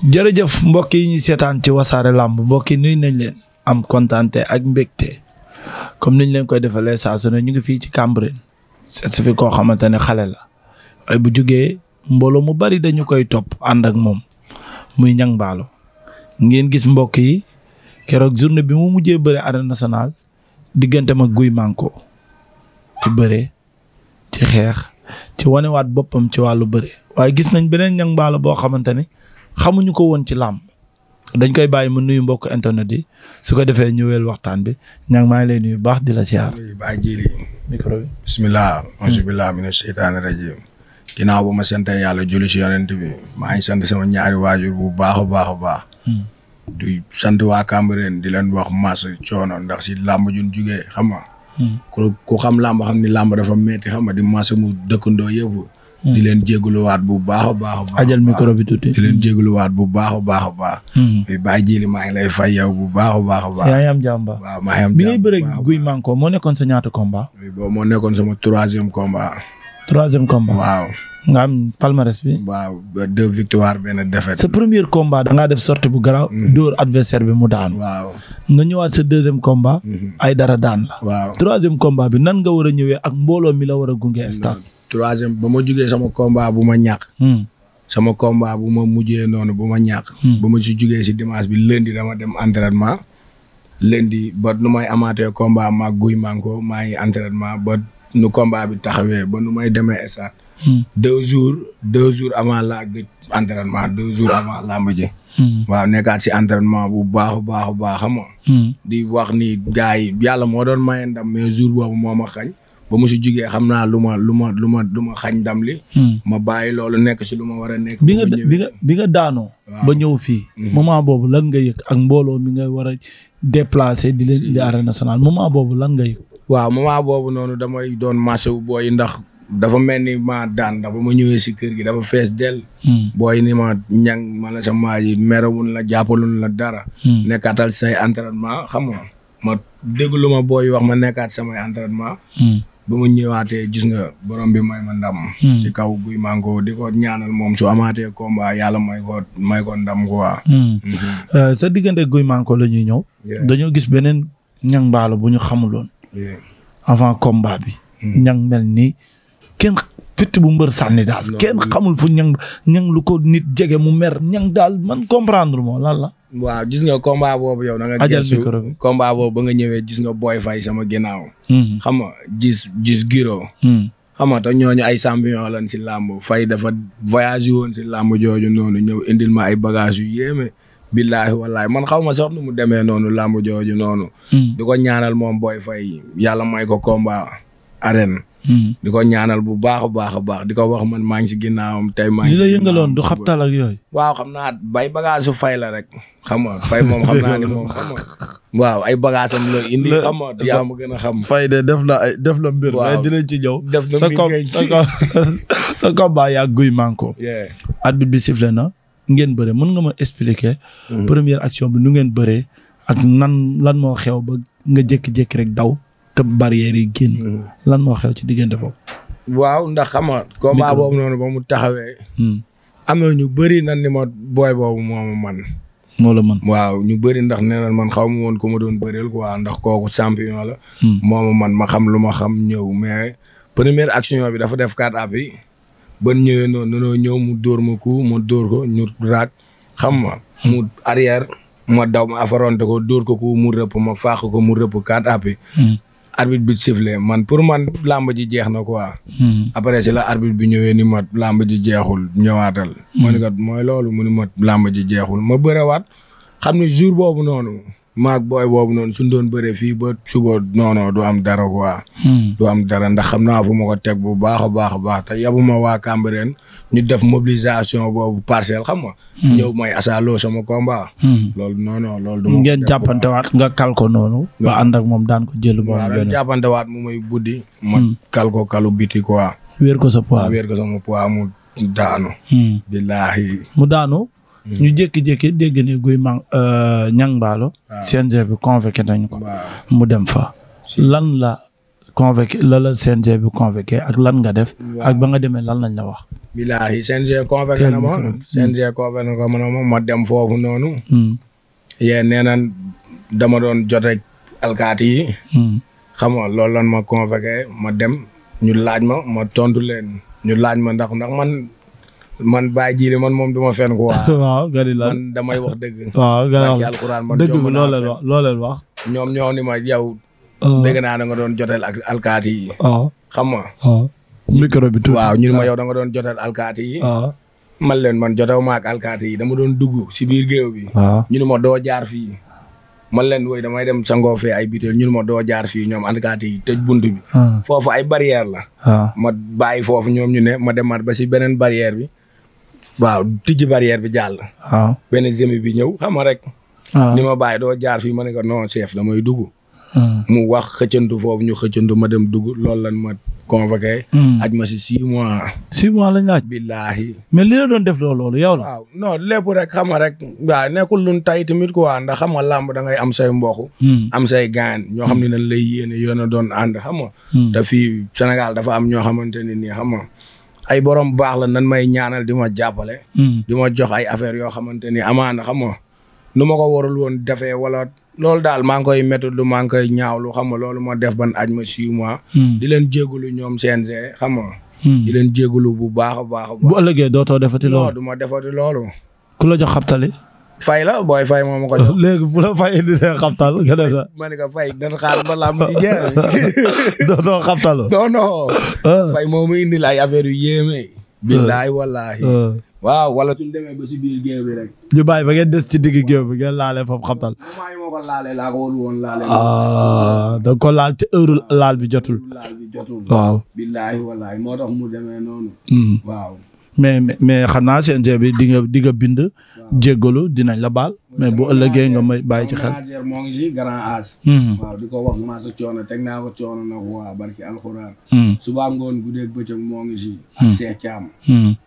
jërëjëf mbokk yi ñuy seetaan ci wasaare làmb mbokk yi nuyu nañ leen am kontaante ak mbégte comme niñ leen koy defalee saa su ñu ngi fii ci Cambérène seet fi koo xamante ne xale la waaye bu jógee mbooloo mu bari dañu koy topp ànd ak moom muy Niang Ballo ngeen gis mbokk yi keroog journée bi mu mujjee bëre arène nationale diggante ma guy manko ci bëre ci xeex ci wanewaat boppam ci wàllu bëre waaye gis nañ beneen Niang Ballo boo xamante ne xamuñu ko woon ci làmb dañ koy bàyyi mu nuyu mbokk internet yi su ko defee ñëweel waxtaan bi ña maa ngi lay nuyu baax di la siyaar. baa jiri micro bi bisimilah. Hmm. bisimilah mina seytaani rajim ginnaaw ba ma sant yàlla julli si yonent bi maa ngi sant sama ñaari waajur bu baax a baax a baax. Hmm. di sant waa Cambérène di leen wax mas coono ndax si làmb jun jugee xam nga. Hmm. ku xam làmb xam ni làmb dafa metti xam nga di mas mu dëkkandoo yëpp. di leen jégaluwaat bu baax a baax. ajal micro bi tuuti di leen jégaluwaat bu baax a baax a baax. bàyyi ji li maa ngi lay fay yow bu baax a baax a baax. yaa ngi am jàmm waaw maa ngi am jàmm bi ngay bëre guy manko moo nekkoon sa ñaata combat. boobu moo nekkoon sama troisième combat. troisième combat waaw. nga am palmarès bi. waaw deux victoires benn défaite. sa premier combat da ngaa def sortie bu garaaw. Hmm. dóor adversaire bi mu daan. waaw nga ñëwaat sa deuxième combat. Hmm. ay dara daan la. waaw troisième combat bi nan nga war a ñëwee ak mbooloo mi la war a gunge stade. troisième ba ma jugee sama combat bu ma ñàkk. Hmm. sama combat bu ma mujjee noonu bu ma ñàkk. Hmm. ba ma si jugee si dimanche bi lundi dama dem entraînement. lundi ba nu may amaatee combat ma guy manko maa ngi entraînement ba nu combat bi taxawee ba nu may demee stade. Hmm. deux jour deux jour avant la gëj entraînement deux jour avant laa mujjee. waaw nekkaat si entraînement bu baax a baax a baax di wax ni gars yi yàlla moo doon may ndam mais jour boobu moo ma xañ. ba mu si jugee xam naa lu ma lu ma lu ma lu ma xañ ndam li. Hmm. loolu nekk si lu ma war a nekk. bi nga bi nga bi nga daanoo. ba ñëw fii. Hmm. moment boobu lan nga yëg ak mbooloo mi nga war a déplacé di leen indi arène nationale moment boobu lan nga yëg. waaw moment boobu noonu damay doon marché bu booy ndax. dafa mel ni ma daan ndax ba ma ñëwee si kër gi dafa fees dell. Hmm. booy ni ma ñang ma la sa maa yi merewul la jàppalul la dara. nekkaatal say entraînement xam nga ma déglu ma booy wax ma nekkaat samay entraînement. bu mu ñëwaatee gis nga borom bi may ma ndam. si hmm. kaw guy mango di ko ñaanal moom su amaatee combat yàlla may ko may ko ndam quoi. Hmm. Hmm. Euh, sa diggante guy mango la ñuy ñëw. dañoo gis beneen ñang mbaalo bu ñu xamuloon. avant combat bi. ñang mel ni kenn fitt bu mbër sànni daal kenn xamul fu ñang ñang lu ko nit jege mu mer ñang daal man comprendre moo lan la waaw gis nga combat boobu yow da nga gëstu combat boobu ba nga ñëwee gis nga Boy Faye sama ginnaaw hmm. xam nga gis gis giro hmm. xam nga ay champion la si làmb Faye dafa voyagé woon si làmb jooju noonu ñëw indil ma ay bagages yu yéeme billaahi wallaahi man xaw ma sax nu mu demee noonu làmb jooju noonu hmm. di ko ñaanal moom Boy Faye yàlla may ko combat arène Hmm. di ko ñaanal bu baax a baax a baax di ko wax man maa ngi si ginnaawam tey maa ngi si. li la yëngaloon du xabtal ak yooyu. waaw xam naa bay bagage su fay la rek. xam nga fay moom xam naa ne moom xam nga. waaw ay bagage am la indi. xam nga yaa ma gën a xam. fay de def la ay def la mbir. waaw mais dinañ ci ñëw. def la mbir ngay ci sa combat yaa guy manko. at bi bi sifflé na. ngeen bëree mën nga ma expliquer. Mm-hmm. première action bi nu ngeen bëree. ak nan lan moo xew ba nga jékki-jékki rek daw. tëb barrière yi génn. Mm. lan moo xew ci diggante boobu. waaw ndax xam nga. combat boobu noonu ba mu taxawee. Mm. am na ñu bëri nan ni ma booy boobu moomu man. moo la waaw ñu bëri ndax nee man xaw ma woon ku ma doon bëreel quoi ndax kooku champion la. Mm. moomu man ma xam lu ma xam ñëw mais première action bi dafa def quatre appuis ba ñëwee noonu dañoo ñëw mu dóor ma ko mu dóor ko ñu raak xam ma mu arrière ma daw ma affronté ko dóor ko ku mu rëpp ma faax ko mu rëpp quatre appuis. arbitre bi sifflé man pour man làmb ji jeex na quoi. Hmm. après si la arbitre bi ñëwee ni ma làmb ji jeexul ñëwaatal. Hmm. ma kat mooy loolu mu ni ma làmb ji jeexul ma bërewaat xam ni jour boobu noonu. maag booy boobu noonu suñ doon bëree fii ba suba non non du am dara quoi. Hmm. du am dara ndax xam naa fu ma ko teg bu baax a baax a baax te yabuma waa Cambérène ñu def mobilisation boobu parcelle xam nga. Hmm. ñëw may asaaloo sama komba hmm. loolu non non loolu. du ma ngeen jàppantewaat nga kal ko noonu. ba ànd ak moom daan ko jël ba. waaw dañu jàppantewaat mu may buddi. ma kal ko kalu biti quoi. wéer ko sa poids wéer ko sama poids mu daanu. mu daanu. ñu jékki-jékki dégg ni guy man euh, ñang mbaalo CNG bi convoqué nañu ko mu dem fa lan la convoqué lan la CNG bi convoqué ak lan nga def ak ba nga demee lan lañ la wax bilaahi CNG convoqué na ma CNG convoqué na ko ma ma dem foofu noonu hmm. yee nee na dama doon jot rek alkaati yi hmm. xam nga loolu lan ma convoqué ma dem ñu laaj ma ma tontu leen ñu laaj ma ndax man man Baye Jili man moom du ma fen ko waa man damay wax dëgg. waaw gànnaaw alxuraan man dëgg bi loolu la loolu la wax. ñoom ñoo ni ma yow. Ah. dégg naa da nga doon jotel ak alkaati yi. Ah. xam nga. Ah. micro bi tuuti waaw ma doon jotel alkaati man leen man jotew ma alkaati yi dama doon dugg si biir géew bi. ñu ni ma doo jaar fi man leen woy damay dem sangoo fee ay bitéel ñu ni ma doo jaar fii ñoom alkaati yi tëj bunt bi. foofu ay barrière la. ma bàyyi foofu ñoom ñu ne ma demaat ba si beneen barrière bi. waaw tijji barrière bi jàll. waaw benn zemi bi ñëw xam nga rek. ni ma bàyyi doo jaar fii ma ne ko non chef damay dugg. Hmm. mu wax xëccantu foofu ñu xëccantu ma dem dugg lool lan ma convoqué. Hmm. aj ma si six mois. six mois lañ laaj. billaahi. mais li la doon def loolu yow la. waaw non lépp rek xam nga rek. waaw nekkul luñ tay tamit a ndax xam nga làmb da ngay am say mboq. Hmm. am say gaan ñoo xam ne dañ lay yéene a doon ànd xam nga. te fii Sénégal dafa am ñoo xamante ne nii xam ay borom baax la nan may ñaanal di ma jàppale. Hmm. di ma jox ay affaire yoo xamante ni amaana xam nga nu ma ko warul woon defee wala loolu daal maa ngi koy métti lu maa koy ñaawlu xam nga loolu ma def ban aj ma siiw ma. Hmm. di leen jégalu ñoom CNG xam nga. Hmm. di leen jégalu bu baax a baax a baax. bu ëllëgee dootoo defati loolu. non du ma defati loolu. ku la jox xabtali. fay la booy fay moom ko jox. léegi bu fay indi dee xabtal nga def la. fay dan xaar ba làmb jeex. non non xabtal. Ah. fay moom yu yéeme. Ah. billaay wallaahi. Ah. waaw wala ba si des ci digg géew bi ngeen laale foofu xabtal. moment yi moo ko laalee laa ko wóolu woon laalee. ah da ko laal te heure laal bi jotul. laal bi jotul. waaw. billaay wallaahi moo jéggalu dinañ la baal mais bu ëllëgee nga may bàyyi ci xel moo ngi si grand as mhm. waaw di ko wax maa sa coono teg naa ko coono na ko waa barki alxuraan mhm. subaa ngoon guddeeg bëccëg moo ngi si mhm. ak Seex Caam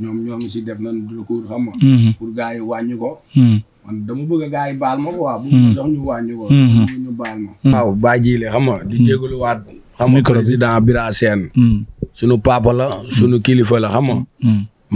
ñoom ñoo ngi si def nañ recours xam nga pour gars yi ko man dama bëgg a gars yi baal ma ko waa bu mu jox ñu wàññi ko bu di jéggalu waat xam nga président Bira Sène sunu papa la sunu kilifa la xam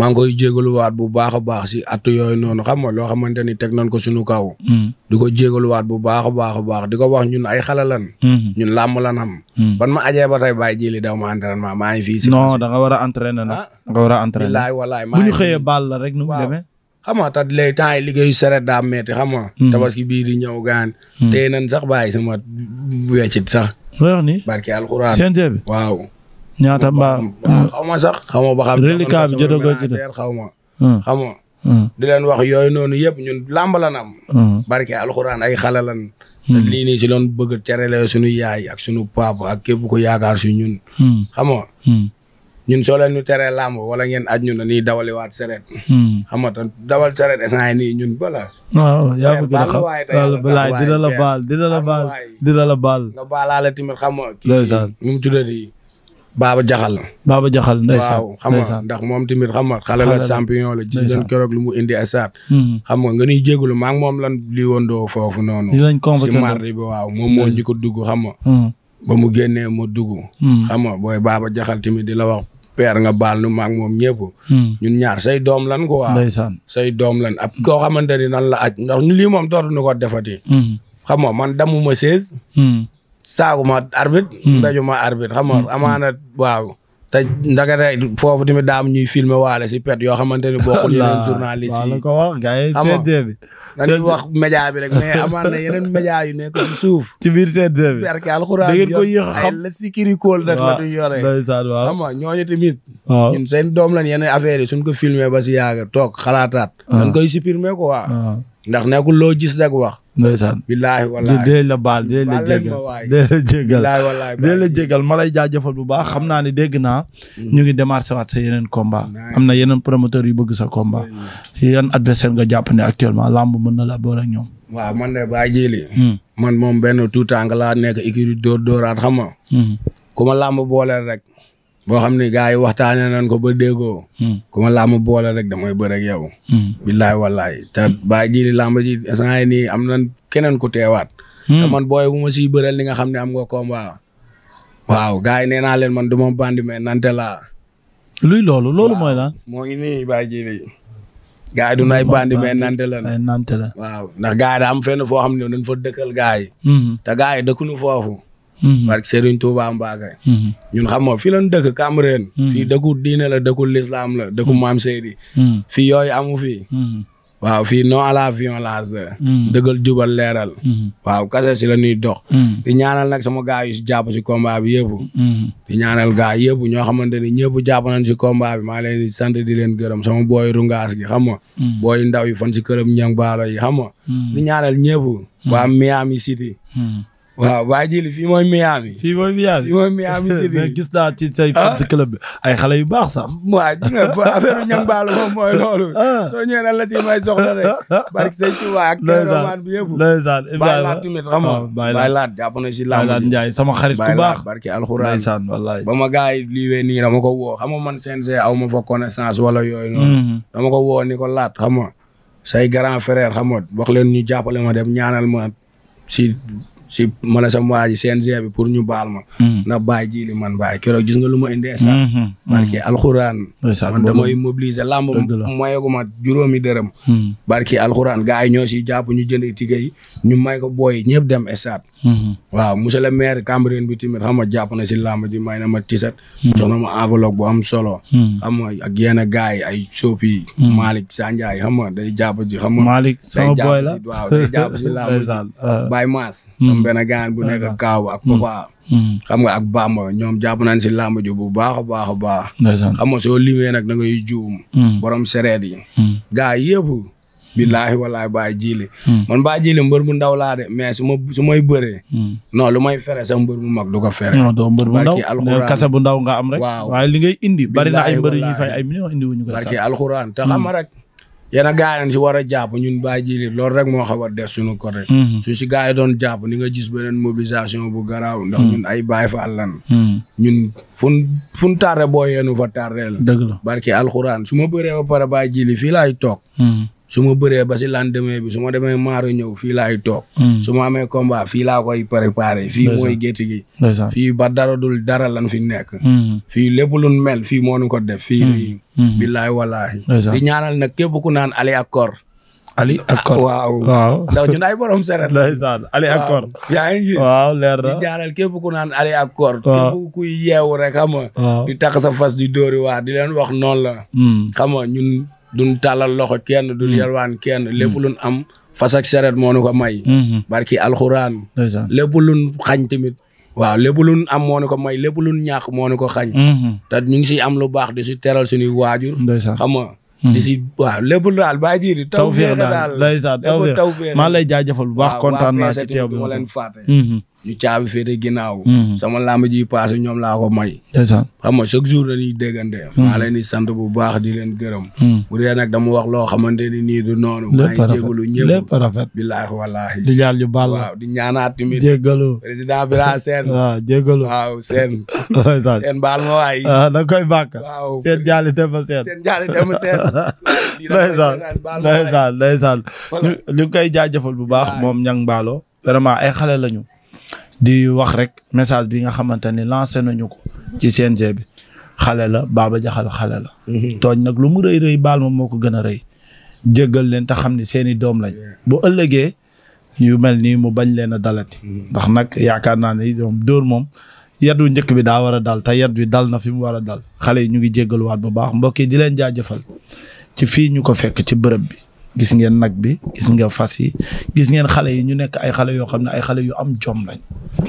maa ngi koy jégaluwaat bu baax a baax si at yooyu noonu xam nga loo xamante ni teg nañ ko suñu kaw. Hmm. di ko jégaluwaat bu baax a baax a baax di ko wax ñun ay xale lan. Hmm. ñun làmb lan am. Hmm. ban ma ajee ba tey bàyyi jili daw ma entraînement maa ngi fii. si non da nga war a entraîner nag. Ah. da nga war a entraîner bilaay walaay bu ñu xëyee baal la rek nu mu demee. xam nga te léegi temps yi liggéeyu seret daa metti xam nga. tabaski bii di ñëw gaan. tey nañ sax bàyyi sama weccit sax. loolu ni barke alxuraan CNG bi waaw. ñaata mbaa. Hmm. xaw sax xaw ma ba xam. reliquat bi xaw ma. Hmm. xaw ma. Hmm. di leen wax yooyu noonu yëpp ñun làmb lan am. barke alxuraan ay xale lan. lii nii si loon bëgg terele suñu yaay ak suñu papa ak képp ko yaakaar su ñun. xam nga. ñun soo leen ñu teree làmb wala ngeen aj ñu ne nii dawaliwaat seret. xam nga dawal seret instant yii ni ñun bala. waaw yaa ngi ko dina la baal dina la baal dina la baal. nga baalaale tamit xam nga. kii Baba Jaxal. Baba Jaxal ndeysaan waaw xam nga ndax moom tamit xam nga xale la champion la gis ngeen keroog mu indi asaat. Mm-hmm. xam nga nga ñuy jégalu maa ngi moom lan li woon doo foofu noonu. dinañ convoqué si mardi bi waaw moom moo ñu mm-hmm. ko mm-hmm. ba mu génnee mu dugg. xam nga booy Baba Jaxal tamit di la wax. peer nga baal nu maag moom ñëpp ñun ñaar say doom lan ko waaw ndeysaan say doom lan ab koo xamante ni nan la aj ndax ñu lii moom dootuñu ko defati xam nga man damuma seize saaguma arbitre dajuma hmm. arbitre xam nga hmm. amaana waaw te foofu tamit daam ñuy filmer waale si pet yoo xamante ni bokkul yeneen journaliste yi ko wax gars yi rek mais amaan yeneen média yu nekk si suuf ci biir CNG bi barke alxuraan la sikiri kóol nag la duñ yore xam nga ñooñu tamit seen doom lañ yeneen affaire yi suñ ko filmer ba si yaaga toog xalaataat ah. dañ koy supprimer quoi ah. ndax nekkul loo gis rek wax. ndeysaan la baal dee la jégal dee la jégal dee la jégal ma lay jaajëfal bu baax xam mm. naa ne dégg naa. Mm. ñu ngi démarché waat sa yeneen combat. am na yeneen promoteur yu bëgg sa combat. Mm. yan adversaire nga jàpp ne actuellement lamb mën na la boole ak ñoom. waaw man de baa man moom benn tuutànk laa nekk écurie dóor dóoraat xam nga. lamb booleel rek. boo xam ne gars yi waxtaanee nan ko ba déggoo. Hmm. ku ma làmb boole rek damay bëre ak yow. Hmm. billaay wallaay te hmm. baa ji làmb ji instant nii am nan kenen ku teewaat. te man booy bu ma siy bëreel li nga xam ne am nga combat. waaw gars yi nee naa leen man du ma bandi me nante la lu loolu loolu mooy lan. moo ngi nii baa ji li gaay du nay bandi mais nante la nante la waaw ndax gaay da am fenn foo xam ne dañ fa dëkkal gaay te gaay dëkkuñu foofu Mm-hmm. barke Serigne Touba Mbacké mm-hmm. ñun xam nga fii lañ dëkk Cambérène mm-hmm. fii dëkku diine la dëkku lislaam la dëkku maam Seydi fii yooyu amu fi waaw fii non à la violence la dëggal jubal leeral waaw kase si la ñuy dox di ñaanal nag sama gaa yu si jàpp si combat bi yëpp ñaanal gaa yëpp ñoo xamante ni ñëpp jàpp nañ si combat maa leen di sant di leen gërëm sama booy rungaas gi xam nga booy ndaw yi fan si këram ñang baalo yi xam nga ñaanal ñëpp waa Miami City waaw waa jili fii mooy Miami. fii mooy Miami fii mooy Miami City. mais gis naa ci say ah. fan club bi ay xale yu baax sax. waa ji nga affaire ñang baalu moom mooy loolu. Ah. soo ñëwee lan la ci may soxla rek. barke sëñ Tuubaa ak roman bi yëpp. ndeysaan Baye Laat tamit xam nga ah, Baye Laat jàpp na si lamb Baye Laat Njaay sama xarit bu baax Baye Laat barke alxuraan ndeysaan wallaay ba ma gars yi liiwee nii dama ko woo xam nga man CNG aw ma fa connaissance wala yooyu noonu. Mm-hmm. dama ko woo ni ko laat xam nga say grand frère xam nga wax leen ñu jàppale ma dem ñaanal ma si si ma ne sama waa ji CNG bi pour ñu baal ma. Hmm. na baay ji li man baay keroog gis nga lu ma indee sax. Hmm, hmm, barke alxuraan. man damay mobiliser làmb mayaguma juróomi dërëm. barke alxuraan gars ñoo si jàpp ñu jënd tigga ñu may ko booy ñëpp dem stade. Mm-hmm. waaw monsieur le maire Cambérène bi tamit xam nga jàpp na si làmb ji may na ma tisat mm-hmm. jox na ma enveloppe bu am solo. Mm-hmm. xam ak yenn gars yi ay soop yi. Malick Sandiaye xam nga day jàpp ji xam nga. Malick sama boy la waaw day jàpp si làmb ji. Uh, Baye Mass. sama benn gaan bu ak Papa. xam nga ak Bamba ñoom jàpp nañ si làmb bu baax a baax a baax. xam nga soo limee nag da ngay juum. borom sereet yi. gars yëpp. billaahi wallaahi baa jiili hmm. man baa jiili mbër bu ndaw laa de mais su ma su may bëree hmm. non lu may fere sax mbër bu mag du ko fere non doo mbër bu ndaw alxuraan kasa bu ndaw nga am rek waaw waaye li ngay indi bari na ay mbër yu ñuy fay ay millions indi wuñu ko barki alxuraan te xam hmm. rek yéen a gaa yi si war a jàpp ñun baa jiili loolu rek moo xaw a des suñu côté su si gaa yi doon jàpp ni nga gis beneen mobilisation bu garaaw ndax ñun ay baay fa ñun fun fun tarre yeenu fa tarreel la barki alxuraan su ma bëree ba pare baa jiili fii laay toog su ma bëree ba si lendemain bi su ma demee maaru ñëw fii laay toog. Hmm. su ma amee combat fii laa koy préparé. fii mooy gétt gi. fii ba dara dul dara lan fi nekk. Hmm. fii lépp lu mel fii moo nu ko def. fii hmm. nii. billaay wallaahi. di ñaanal nag képp ku naan Ali Accor. Ali ah, Accor waaw waaw ndax ñun ay borom seret Ali Accor yaa ngi gis waaw di jaaral képp ku naan Ali Accor képp kuy yeewu rek xam nga di takk sa fas di dóori waa di leen wax noon la xam ñun duñ tàllal loxo kenn duñ mm. yalwaan kenn mm. lépp luñ am fas ak seret moo nu ko may mm-hmm. barki alxuraan lépp luñ xañ tamit waaw lépp am moo nu ko may lépp luñ ñàkk moo ko xañ mm-hmm. te ñu ngi si am lu baax di si teral suñuy waajur xam nga mm-hmm. di si waaw lépp daal baa jiiri tawfeex daal ndeysaan tawfeex maa lay jaajëfal bu baax kontaan naa ci teew bi ma leen fàtte ñu caabi féete ginnaaw. Mhm. sama lama ji paase ñoom laa ko may. xam nga chaque jour dañuy déggante. Mhm. maa leen di sant bu baax di leen gërëm. Mhm. bu dee nag dama wax loo xamante ni nii du noonu. rafet maa ngi jégalu ñëpp. lépp rafet billaahi di ñaan yu baal waaw di ñaanaat bi laa seen. jégalu waaw seen. seen ma waay. ah da koy bàkk. waaw seen jaali dem ma seen. seen jaali dem ma seen. ndeysaan ndeysaan ndeysaan koy jaajëfal bu baax moom Niang baalo vraiment ay xale lañu di wax rek message bi nga xamante ni lancé nañu ko ci CNG bi xale la Baba Jaxal xale la mhm. tooñ nag lu mu rëy rëy baal moom moo ko gën a rëy jéggal leen te xam ni seeni doom lañ bu ëllëgee yu mel ni mu bañ leen a dalati mhm. ndax nag yaakaar naa ne doom dóor moom yadu njëkk bi daa war a dal te yat wi dal na fi mu war a dal xale yi ñu ngi jéggaluwaat bu baax mbokk yi di leen jaajëfal ci fii ñu ko fekk ci bërëb bi gis ngeen nag bi gis nga fas yi gis ngeen xale yi ñu nekk ay xale yoo xam ne ay xale yu am jom lañ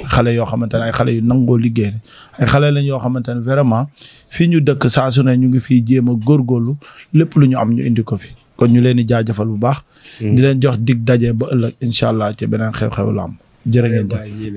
xale yoo xamante ne ay xale yu nangoo liggéey ay xale lañ yoo xamante ne vraiment fii ñu dëkk saa su ne ñu ngi fii jéem a góorlu lépp lu ñu am ñu indi ko fi kon ñu leen di jaajëfal bu baax. Mm. di leen jox dig daje ba ëllëg incha allah ci beneen xew-xew la am jërë ngeen